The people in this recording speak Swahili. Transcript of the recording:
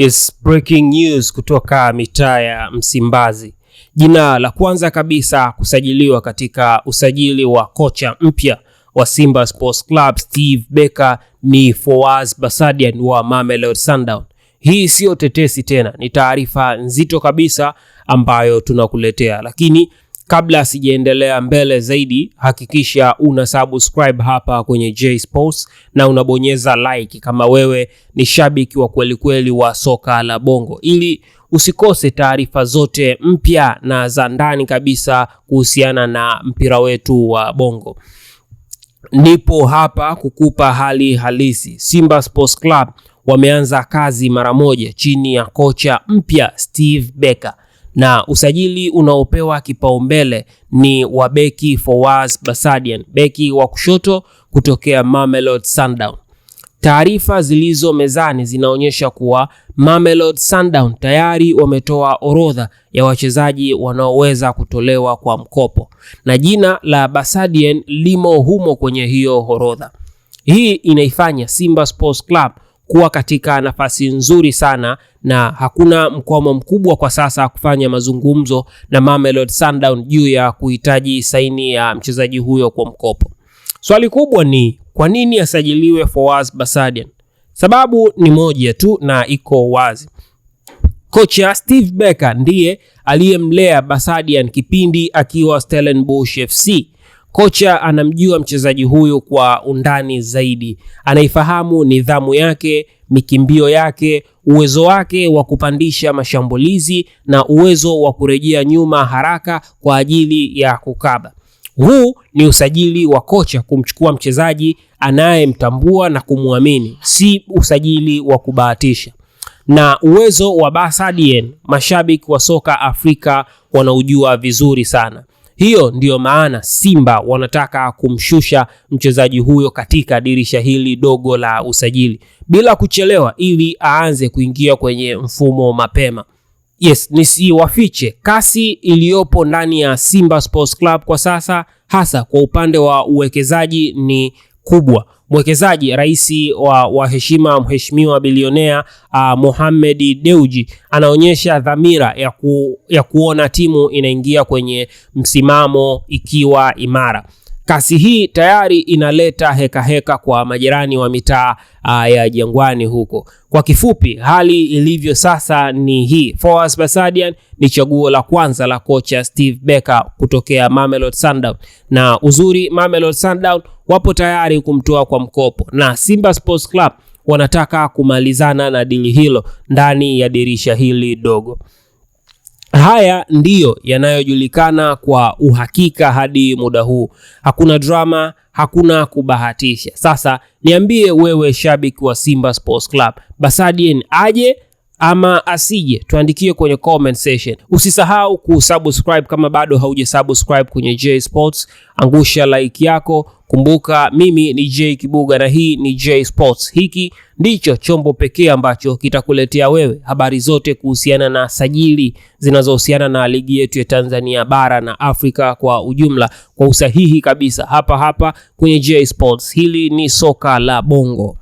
Is breaking news kutoka mitaa ya Msimbazi. Jina la kwanza kabisa kusajiliwa katika usajili wa kocha mpya wa Simba Sports Club Steve becker ni Fawaz basadian wa Mamelodi Sundowns. Hii siyo tetesi tena, ni taarifa nzito kabisa ambayo tunakuletea, lakini Kabla sijaendelea mbele zaidi, hakikisha una subscribe hapa kwenye J Sports na unabonyeza like kama wewe ni shabiki wa kwelikweli wa soka la Bongo, ili usikose taarifa zote mpya na za ndani kabisa kuhusiana na mpira wetu wa Bongo. Nipo hapa kukupa hali halisi. Simba Sports Club wameanza kazi mara moja chini ya kocha mpya Steve becker na usajili unaopewa kipaumbele ni wa beki Fawaz Basadian, beki wa kushoto kutokea Mamelodi Sundown. Taarifa zilizo mezani zinaonyesha kuwa Mamelodi Sundown tayari wametoa orodha ya wachezaji wanaoweza kutolewa kwa mkopo na jina la Basadian limo humo kwenye hiyo orodha. Hii inaifanya Simba Sports Club kuwa katika nafasi nzuri sana na hakuna mkwamo mkubwa kwa sasa kufanya mazungumzo na Mamelodi Sundowns juu ya kuhitaji saini ya mchezaji huyo kwa mkopo. Swali kubwa ni kwa nini asajiliwe Fawaz Basadien? Sababu ni moja tu na iko wazi. Kocha Steve Becker ndiye aliyemlea Basadien kipindi akiwa Stellenbosch FC Kocha anamjua mchezaji huyu kwa undani zaidi, anaifahamu nidhamu yake, mikimbio yake, uwezo wake wa kupandisha mashambulizi na uwezo wa kurejea nyuma haraka kwa ajili ya kukaba. Huu ni usajili wa kocha kumchukua mchezaji anayemtambua na kumwamini, si usajili wa kubahatisha. Na uwezo wa Basadien, mashabiki wa soka Afrika wanaujua vizuri sana. Hiyo ndiyo maana Simba wanataka kumshusha mchezaji huyo katika dirisha hili dogo la usajili bila kuchelewa, ili aanze kuingia kwenye mfumo mapema. Yes, nisiwafiche kasi iliyopo ndani ya Simba Sports Club kwa sasa, hasa kwa upande wa uwekezaji ni kubwa mwekezaji rais wa, waheshima mheshimiwa bilionea uh, Mohamed Dewji anaonyesha dhamira ya, ku, ya kuona timu inaingia kwenye msimamo ikiwa imara kasi hii tayari inaleta hekaheka heka kwa majirani wa mitaa ah, ya Jangwani huko. Kwa kifupi, hali ilivyo sasa ni hii. Fawaz basadian ni chaguo la kwanza la kocha Steve becker kutokea Mamelodi Sundowns, na uzuri Mamelodi Sundowns wapo tayari kumtoa kwa mkopo na Simba Sports Club wanataka kumalizana na dili hilo ndani ya dirisha hili dogo. Haya ndiyo yanayojulikana kwa uhakika hadi muda huu. Hakuna drama, hakuna kubahatisha. Sasa niambie wewe, shabiki wa Simba Sports Club, Basadien aje ama asije? Tuandikie kwenye comment section. Usisahau kusubscribe kama bado subscribe kwenye J Sports, angusha like yako Kumbuka mimi ni J Kibuga na hii ni J Sports. Hiki ndicho chombo pekee ambacho kitakuletea wewe habari zote kuhusiana na sajili zinazohusiana na ligi yetu ya Tanzania bara na Afrika kwa ujumla kwa usahihi kabisa, hapa hapa kwenye J Sports. Hili ni soka la bongo.